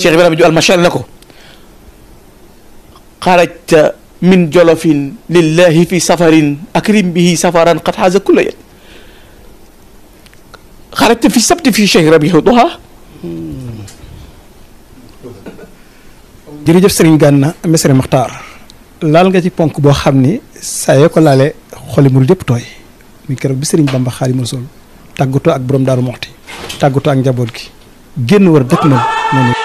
شيخ ابراهيم جوال مشال نكو خرجت من جلف لله في سفر اكرم به سفرا قد حاز كل يد خرجت في سبت في شهر ربيع الضحى جري جف سيرين غانا مسري مختار لال نغا بونك بو خامني سايكو لالي خولي مول ديب توي مي كرو بي سيرين بامبا خالي مرسول تاغوتو اك بروم دارو موختي تاغوتو اك جابول ген وور دك menikah.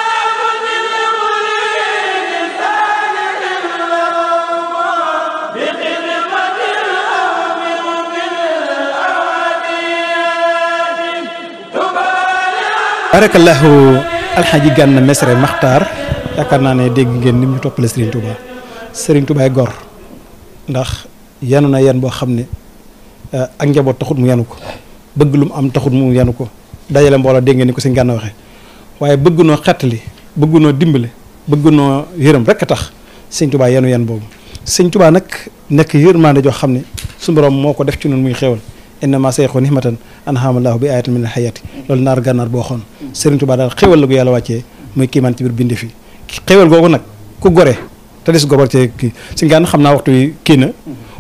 barakallahu alxaaji Gana Mesere Maxtaar yaakaar naa ne deg ngeen nimu top le Serigne Touba Serigne Touba gor ndax yanu na yan bo xamne eh, ak njabot taxut mu yanuko beug lu am taxut mu yanuko dajale mbolo deg ngeen ko Serigne gan waxe waaye bëgg noo xettali bëgg noo dimbale bëgg noo yërëm rek a tax sëñ tubaa yenu yen boobu sëñ tubaa nag nekk yërmande joo xam ne su borom moo ko def ci noonu muy xéewal innama sayxu nihmatan anhamallahu bi ayatin min alxayati loolu naar gànnaar boo xoon sëriñ tubaa daal xéewal la gu yàlla wàccee muy kiimaan ci biir binde fi xéewal googu nag ku gore te des gobar cee kii si ngaan xam waxtu yi kii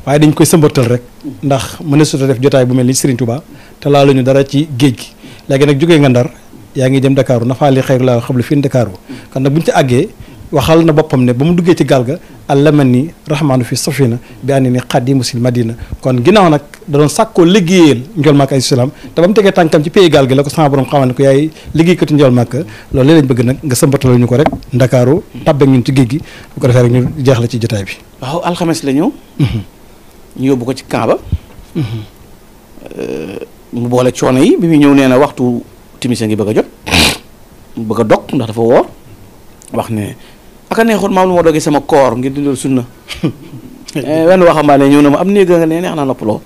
dañ koy sëmbatal rek ndax mën na def jotaay bu mel ni sëriñ tubaa te laaluñu dara ci géej gi léegi nag jógee nga ndar yaa ngi jëm Dakar nafaali xayru laa xam ne fii Dakar kon nag bu ñu ci àggee waxal na boppam ne ba mu duggee ci gaal ga àllaman ni rahmaanu fi safina bi ànd ni xadimu sil madina kon ginnaaw nag da doon sàkkoo liggéeyal njol màkk ay salaam te ba mu tegee tànkam ci pays gaal gi la ko sama borom xamal ne ko yaay liggéeykatu njol màkk loolu léeg lañ bëgg nag nga sëmbataloo ñu ko rek ndakaaru tàbbeeg ñun ci géej gi bu ko defee rek ñu jeexle ci jotaay bi waaw alxames la ñëw mhm. ñu yóbbu ko ci camp ba mhm. euh, mu boole coono yi bi mu ñëw nee na waxtu timis a ngi bëgg a jot bëgg a dog ndax dafa woor wax ne aka neexoon maam lu ma dogee sama koor ngir dundal na eh, wenn waxambaane ñëw na ma am néeg nga ne neex naa noppaloo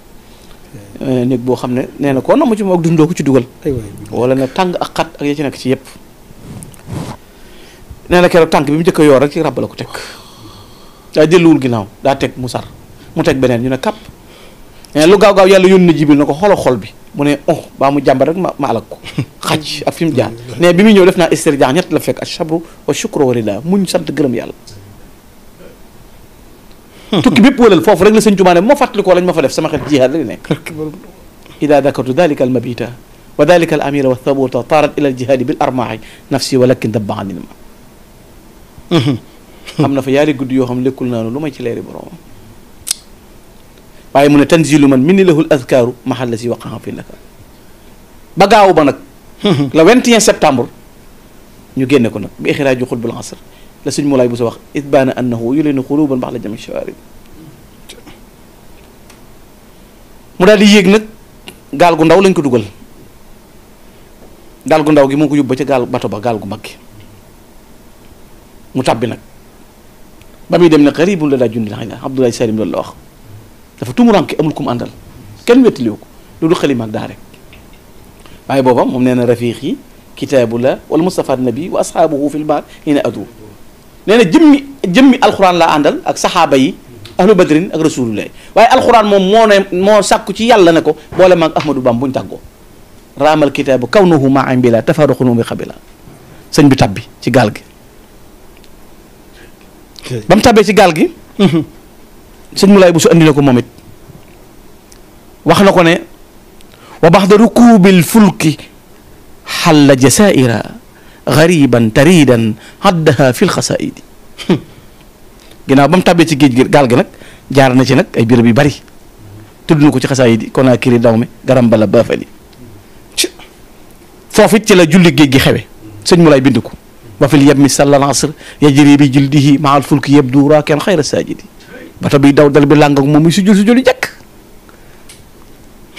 eh. Eh, néeg boo xam ne nee na koo na mu ci moom dundoo ko ci dugal wala ne tàng ak xat ak ci nekk ci yëpp na keroog tànk bi mu njëkk a yor rek ci ràbb la ko teg daa jëluwul ginnaaw daa teg mu sar mu teg beneen ñu ne kàpp nee lu gaaw gaaw yàlla yónni Jibril na ko xoolal xol bi mune oh ba mu jàmbar rek ma ma ko xaj ak fim jaar ne bi mi ñëw def naa istirjaa ñet la fek ashabru wa shukru wa muñ sant gërëm yàlla tukki bépp wëlal fofu rek la sëñ Tuubaa ne moo fàttalikoo lañ ma fa def sama xet jihad la nek ila ida dakartu dalika al mabita wa dalika al amira wa thabuta taarat ila al jihad bil armahi nafsi walakin dabba anima amna fa yari gudd yo xam lekul nanu lu ci leri borom waaye mu ne tanzilu man min minni lahul azkaaru mahalla si waqaha fi laka ba gaaw ba nag le 21 septembre ñu génne ko nag bi ixraaju xutbul asr la suñ mulaay bu sa wax itbaana annahu yulinu xuluban bax la jami shawarib mu daal di yéeg nag gaal gu ndaw lañ ko dugal gaal gu ndaw gi moo ko yóbbu ca gaal bato ba gaal gu mag gi mu tàbbi nag ba muy dem ne xaribun la daa jundi la xëy na Abdoulaye Salim loolu la wax dafa ki amul kum àndal ken wetli wuko loolu xalima ak da rek baye boba mom neena rafiqi rafiix yi wal mustafa nabi wa ashabuhu fil bar hina adu neena jimmi jimmi alquran la àndal ak sahaba yi ahlu badrin ak rasulullah waye alquran mom mo ne mo sàkku ci yàlla ne ko boole maag ahmadou bam buñ taggo ramal kitaabu kawnuhu ma am bila tafaruqunu bi xabila sëñ bi tabbi ci galgi bam ba ci galgi سيد مولاي بو سو نكو موميت واخنا كو ني ركوب الفلك حل جسائر غريبا تريدا حدها في الخسائد غينا بام تابي سي گيج گال گي نك جار سي نك اي بيربي بري تود نكو سي خسائد كونا كيري دومي غرام بالا بافلي فوفيت تي لا جولي گيج گي خيوي سيد مولاي بيندكو وفي اليم صلى العصر يجري بجلده مع الفلك يبدو راكا خير الساجدين bata bi daw dal bi lang ak momi sujul sujul jek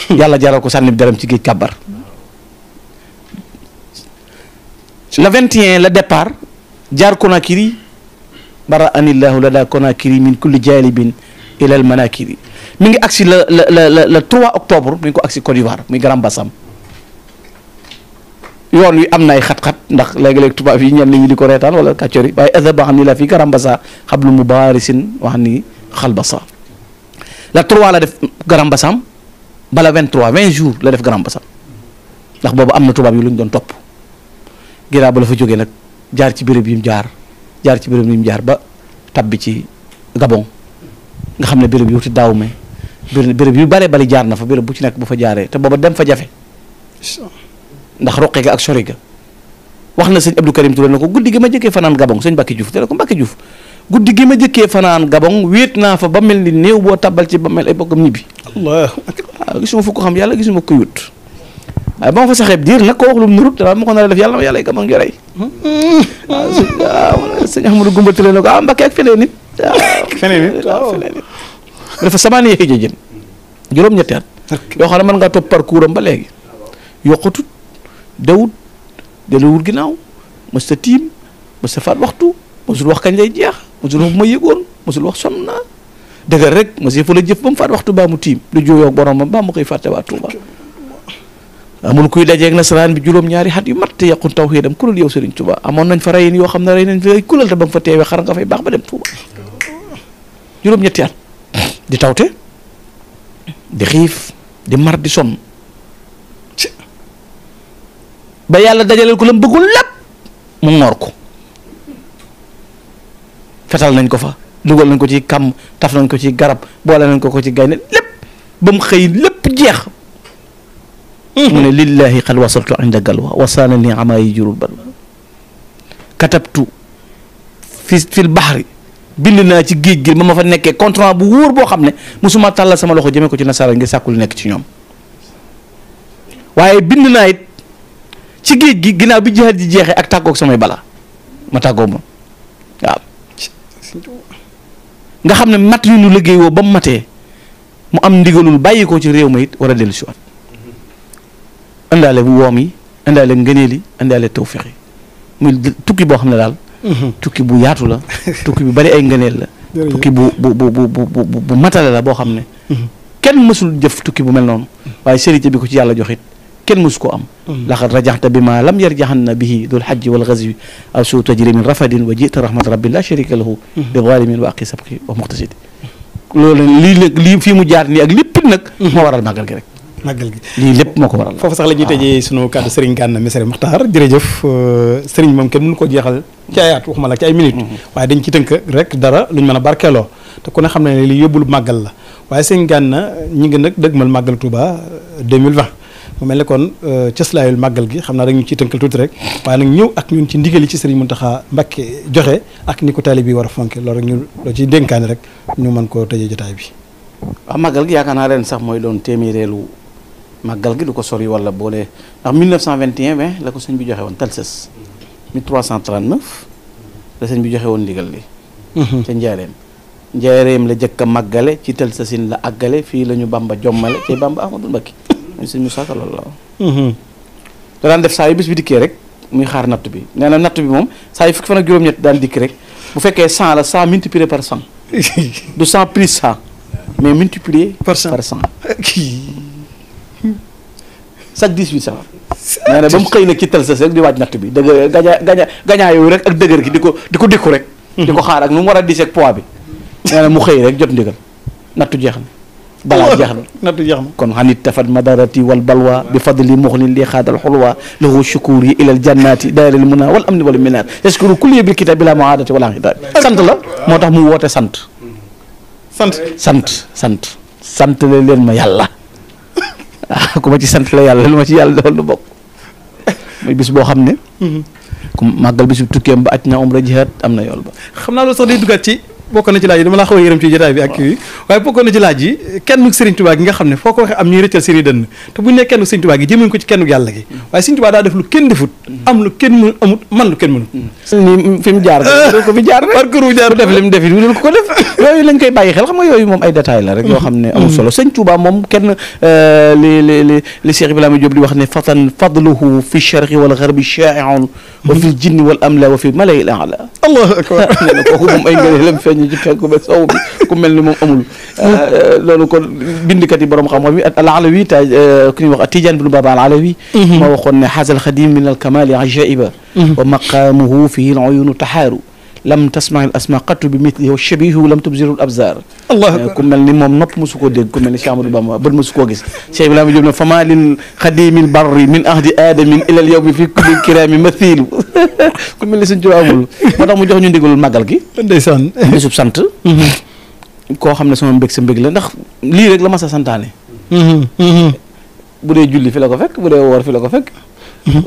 hmm. yalla jaral ko sanni deram ci geej kabar la 21 le départ jaar konakiri bara anillahu lada konakiri min kulli jalibin ila al manakiri mi ngi aksi le le le le 3 octobre mi ko aksi cote d'Ivoire mi Grand Bassam yoon wi am nay khat khat ndax leg leg tuba fi ñen ñi di ko wala katchori waaye azaba la fi garambasa khablu mubarisin wa ni xalbasa la 3 la def Grand Bassam bala 23 20 jours la def Grand Bassam ndax boobu am na tubaab yu lu doon topp ginnaaw ba la fa jógee nag jaar ci béréb yi mu jaar jaar ci béréb yi mu jaar ba tabbi ci Gabon nga xam ne béréb yu wuti daaw me béréb yu bare bari jaar na fa béréb bu ci nekk bu fa jaaree te booba dem fa jafe ndax roqe ga ak sori ga wax na sëñ Abdou Karim Touré na ko guddi gi ma jëkkee fanaan Gabon sëñ Mbacke Diouf te ne ko Mbacke Diouf guddi gi ma jëkkee fanan gabon wéet fa ba melni new bo tabal ci ba mel epokam nibi allah waaw gisuma fuko xam yalla gisuma ko yut ay ba fa saxeb dir nag ko wax lu mu nurut dama ko nar def yalla yalla gabon ngi ray hmm. waaw ahmadou gumba tële na ko ah, ak nit feneen nit ñetti at waxtu wax kañ lay jeex mosul wax bu ma yëgoon mosul wax sonn dëgër rek monsieur fa la jëf ba mu faat waxtu baa mu tiim lu juyoo ak boromam baa mu koy fàtte waa Touba amul kuy dajeeg nasaraan bi juróom-ñaari xat yu mat te yàqun tawxiidam kuréel yow Serigne Touba amoon nañ fa reyin yoo xam ne rey nañ fa kulal te ba mu fa teewee xar nga fay baax ba dem Touba juróom-ñetti at di tawte di xiif di mar di sonn ba yàlla dajaleel ko la mu bëggul lépp mu ngoor ko. fetal nañ ko fa dugal nañ ko ci kàmm taf nañ ko ci garab boole nañ ko ko ci gaynde lépp ba mu xëy lépp jeex hmm. mu ne lillahi xad wasaltu inda galwa wasaana ni amaayi jurul balwa katabtu fi fil baxri bind naa ci géej gi ba ma fa nekkee contrat bu wóor boo xam ne musuma tàllal sama loxo jëmee ko ci nasaara ngir sàkku lu nekk ci ñoom waaye bind naa it ci géej gi ginnaaw bi jihaat ji jeexee ak tàggoog samay bala ma tàggoo moom waaw nga xam ne mat yu nu liggéey woo ba mu matee mu am ndigalul bàyyi ko ci réew ma it war a dellu si waat indaale woom yi indaale ngëneel yi indaale tawféex yi muy tukki boo xam ne daal mhm. tukki bu yaatu la tukki bu bari ay ngëneel la tukki bu bu bu bu bu matale la boo xam ne mhm. kenn mësul jëf tukki bu mel noonu mhm. waaye sérité bi ko ci yàlla joxit kenn su ko am mm-hmm. laxad rajaxta bi ma lam yarjaxanna bihi dul xajji wal gazwi aw su tajri min mm-hmm. lii fii mu jaar nii ak lépp nag mm-hmm. moo waral màggal gi rek màggal gi lii lépp moo ko waral sax la ñuy tëjee ah. sunu kàddu Serigne Gana Messere Makhtar jërëjëf euh, Serigne moom kenn mënu ko jeexal ci ay at waxuma la ci ay minute waaye dañ ci tënk rek dara luñ mën a barkeeloo te ku ne xam ne li yóbbul màggal la waaye Serigne Gana ñu ngi nag ma dëgmal màggal Touba 2020 mu mel ne kon euh, cëslaayul màggal gi xam naa dañu ciy tënkal tuuti rek waaye nag ñëw ak ñun ci ndigal yi ci Serigne taxa Mbacké joxe ak ni ko taalibe bi war a fonke loolu rek ñu ciy dénkaani rek ñu mën koo tëjee jotaay bi waaw màggal gi yaakaar naa ren sax mooy doon téeméereelu màggal gi du ko sori wala boole ndax 1921 20 la ko sëñ bi joxe woon Talses 1339 la sëñ bi joxe woon ndigal li mhm. ca njaareem njaareem la jëkk a màggale ci Talsesin la àggale fii la ñu Bàmba jommale ci Bàmba sëñ Moussa Ka loolu mm-hmm. la da daan def saa yu bis bi dikkee rek muy xaar natt bi nee nah, na natt bi moom saa yu fukki fan ak juróom-ñett daan dikk rek bu fekkee 100 la 100 multiplié par 100 du plus 100 mais multiplié par 100 par 18 safar nee na ba mu xëy nag ci rek di waaj natt bi dëgg gañaa gañaa gañaa rek ak dëgër gi di ko di ko dikku rek mm-hmm. di ko xaar ak nu mu war a poids bi nee nah, mu xëy rek jot ndigal nattu jeex balaa jeex na natt jeex na kon xanit tafat madarati wal balwa bi fadli muxlin li xaadal xulwa lahu shukuri ilal jannati daaril muna wal amni wal minaar yaskuru kulli bil kitabi bila muadati wala xitaab sant la moo tax mu woote sant sant sant sant sant la leen ma yàlla ah ku ma ci sant la yàlla lu ma ci yàlla defal lu bokk muy bis boo xam ne ku màggal bisu tukkeem ba aj na umra jihaad am na yool ba xam naa loolu sax day duggaat ci bokk ci laaj dama la xaw yeeram ci jotaay bi ak kii waaye bokk ci laaj yi kenn Serigne Touba gi nga xam ne foo ko waxee am ñuy rëccal seeni dënn te buñ ne kenn Serigne Touba gi jëmee ko ci kenn yàlla gi waaye Serigne Touba daa def lu kenn defut am lu kenn mënu amut man lu kenn mënu ni fi mu jaar ko fi jaar rek parcours jaar def li mu def dul ko ko def yooyu lañ koy bàyyi xel xam nga yooyu moom ay détails la rek yoo xam ne amul solo Serigne Touba moom kenn li li li li Cheikh Ibrahima Diop di wax ne fatan fadluhu fi sharq wal gharbi sha'i'un wa fi jinn wal amla wa fi al a'la allahu akbar ñu ci penku ba sow bi ku mel ni moom amul loolu kon bindkat yi borom xam-xam yi al alawi ta ku ñuy wax a tijaan binu baaba al alawi moo waxoon ne xaasal xadim min al kamali ajaiba wa maqamuhu fihi al uyunu taxaaru لم تسمع الاسماء قط بمثله وشبيهه لم تبزر الابزار الله كم ملني يعني موم نوب مسوكو ديك كم ملني شامل بام بر مسوكو غيس شيخ لام جبنا فما للقديم البري من عهد ادم الى اليوم في كل كرام مثيل كم ملني سنجو امول ما دام جوخ ني ديغول ماغال كي ديسان يوسف سانت كو خامنا سما بك سم بك لا نخ لي رك لا ما سانتاني بودي جولي في لا فك بودي وور في لا فك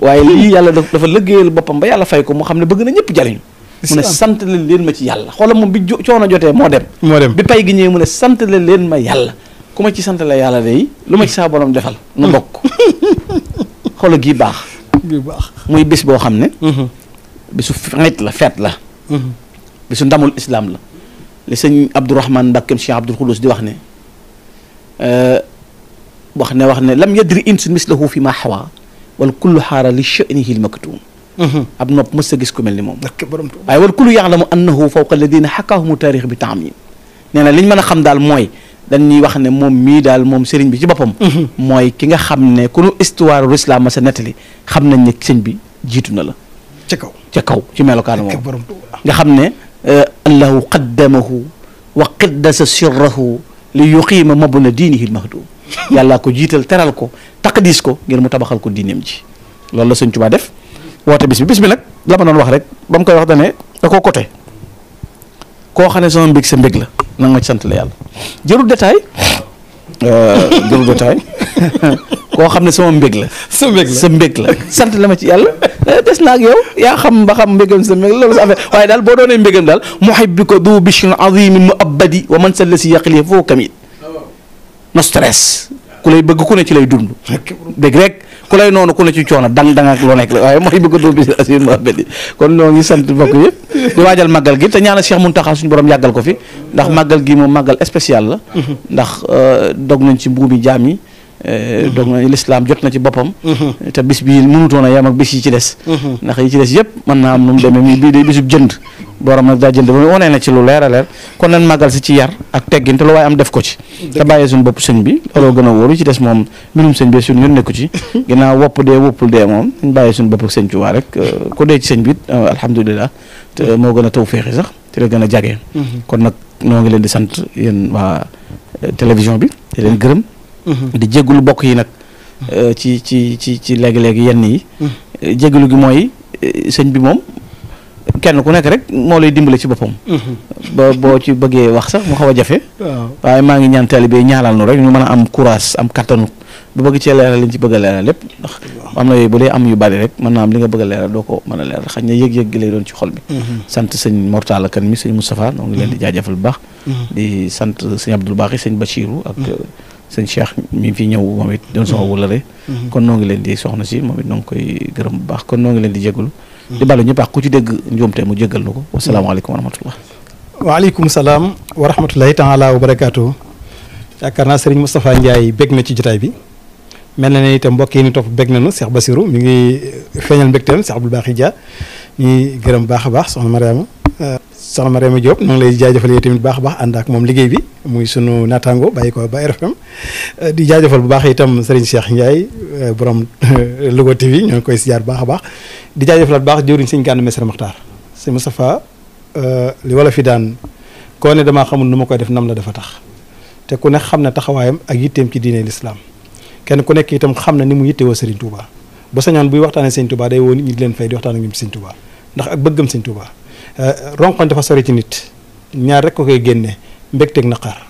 waye li yalla dafa leggeyal bopam ba yalla fay ko mo xamne beug na ñepp jariñu mune sante sant len ma ci yàlla xolam mom bi coono joté mo dem mo dem bi pay gi ñëwee mu ne len leen ma yàlla kuma ci sante la yàlla day luma ci sa borom defal nu bokk xol gi bax gi bax muy bis bo xamné hmm bisu xeet la feet la hmm bisu ndamul islam la le seigne abdou rahman Mbakkeem Cheikh abdou Khoudous di wax ne euh wax ne wax ne lam yadri insu mislahu fi ma hawa wal kullu hara li sha'nihi al maktum ابن nopp mës a gis ku mel ni moom waaye wal kullu yaalamu annahu fawqa alladina xakaahumu taarix bi taamim nee na li ñu mën a xam daal mooy dañuy wax ne moom mii daal moom sëriñ bi ci boppam mooy ki nga xam ne ku nu histoire ru islam ma sa nettali xam nañ ne sëñ bi jiitu na la ca kaw ca kaw ci melokaanu moom nga xam ne qaddamahu wa qaddasa sirrahu li yuqiima mabna diinihi lmahdum yàllaa ko jiital teral ko taqdis ko ngir mu tabaxal ko diineem ji loolu la sëñ Tuubaa def woote bis bi bis bi nag la ma doon wax rek ba mu koy wax da ne da koo côté koo xam ne sama mbég sa mbég la na ma sant la yàlla jërul détail euh, xam ne sama mbég la. sa mbég la sa mbég la sant la ma ci yàlla euh, des naa ak yow yaa xam ba xam mbégam sa mbég loolu sa affaire waaye daal boo doonee mbégam daal muhibbi ko du bishrin azimin mu abadi wa man salla si yaqli foo kamit oh. no stress ku lay bëgg ku ne ci lay dund dégg rek. ku lay noonu ku ne ci coono dang dang ak lu nekk la waaye mooy bëgg a dóor bi Asiir Mohamed ko kon ñoo ngi sant mbokk yëpp di waajal màggal gi te ñaanal Cheikh Mountakha suñu borom yàggal ko fi ndax mm-hmm. màggal gi moom màggal spécial la mm-hmm. ndax euh, dog nañ ci mbuumi jaam yi euh, mm-hmm. donc l'islam jot na ci boppam te bis bi mënutoon a yem ak bis yi ci des ndax yi ci des yëpp mën naa am nu mu demee bii day bisub jënd borom daa jënd ba wane na ci lu leer a leer kon nan màggal si ci yar ak teggin te lu waaye am def ko ci. te bàyyee suñu bopp sëñ bi looloo gën a wóoru ci des moom mbirum sëñ bi suñu yoon nekku ci ginnaaw wopp dee woppul dee moom ñu bàyyee suñu bopp ak sëñ Tuubaa rek euh, ku dee ci sëñ bi it euh, alhamdulilah te moo a taw a jagee. Mm-hmm. kon nag ñoo ngi leen di sant yéen waa euh, télévision bi di leen gërëm. Mm-hmm. di jégalu bokk yi nag. ci ci ci ci léegi léegi yenn yi. Mm-hmm. jégalu gi mooy sëñ bi moom kenn ku nekk rek moo lay dimbale ci boppam. Mhm. ba boo ci bëggee wax sax mu xaw a jafe. waaye maa ngi ñaan taalibe ñaanal nu rek ñu mën a am courage am kattanu bu bëgg cee leeral liñ ci bëgg a leeral lépp ndax am na yooyu bu dee am yu bari rek mën naa am li nga bëgg a leeral doo ko mën a leeral xañ na yëg-yëg gi lay doon ci xol bi. Mhm. sant sëñ Mortala kan mi sëñ Moustapha ñoo ngi leen di mhm. jaajëfal bu baax. di sant sëñ Abdoul baax kon noo ngi leen di jégalu di balu ñëpp wax ku ci dégg njuumte mu jéggal na ko wasalaamaaleykum wa rahmatullah waaleykum salaam wa rahmatulahi taala wa barakaatu yaakaar naa sëriñ Moustapha Ndiaye bég na ci jotaay bi mel na ni itam mbokk yi ni topp bég nañu Cheikh Basirou mi ngi feeñal mbégteem Cheikh Abdoul Baaxi Dia ñuy gërëm baax a baax soxna Mariama soxna Mariama Diop ñu ngi lay jaajëfal yow tamit baax a baax ànd ak moom liggéey bi muy sunu naataango bàyyi ko ba RFM euh, di jaajafal bu baax itam Serigne Cheikh Ndiaye euh, borom euh, Louga TV ñoo ngi koy siyaar baax a baax di jaajëfalaat baax jëwriñ sëñ Gana Messere Makhtar sëñ Moustapha li wala fi daan koo ne damaa xamul nu ma koy def nam la dafa tax te ku ne xam na taxawaayam ak yitteem ci diine lislaam kenn ku nekk itam xam na ni mu yittewoo Serigne ba sañoon buy waxtaanee Serigne Touba woo nit ñi fay di waxtaan ak ñoom Serigne Touba bëggam Serigne Touba Euh, ronkoñ dafa sori ci nit ñaar rek ko koy génne mbégteeg naqar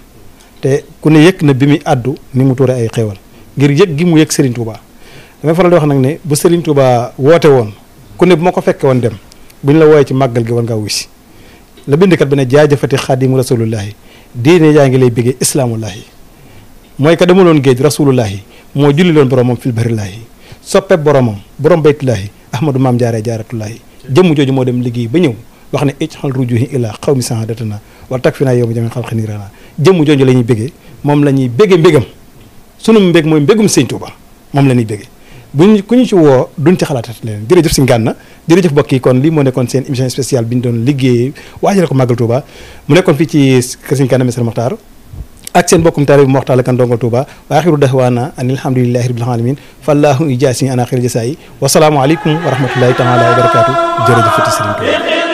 té ku ne yek na bimi addu ni mu touré ay xéewal ngir yek gi mu yek Serigne Touba dama faral di wax nak ne bu Serigne Touba woté won ku ne bu ko dem buñ la wooyee ci magal gi won nga wuy la bindkat kat ne jaajëfati xaadimu rasulullahi diine yaa lay bëggé islamullah moy ka dama loon géej rasulullah mo julli lon boromam fil barillah soppé boromam borom baytullah ahmadu mam jaare jaaratullah jëm jojju mo dem liggéey ba ñew wax ne ijxal rujuhi ila xawmi saadatana wala tak fi naa yow mi jamin xalqi niirana jëmm jooju la ñuy béggee moom la ñuy bégge mbégam sunu mbég mooy mbégum sëñ Tuuba moom la ñuy buñ ku ci woo duñ ci xalaatat leen jërëjëf si ngànna jërëjëf mbokk yi kon lii moo nekkoon seen émission spéciale bi ñu doon liggéey waajale ko màggal Tuuba mu nekkoon fii ci kër sëñ Gana Messere Maxtaar ak seen bokkum taalibe bi Moxtaar Kan Ndongal Tuuba wa axiru dahwaana an alhamdulillahi rabbil alamin fallahu ijaasi ana xayra jasaayi wa salaamu aleykum wa rahmatullahi taala wa barakaatu jërëjëf fati sëriñ Tuuba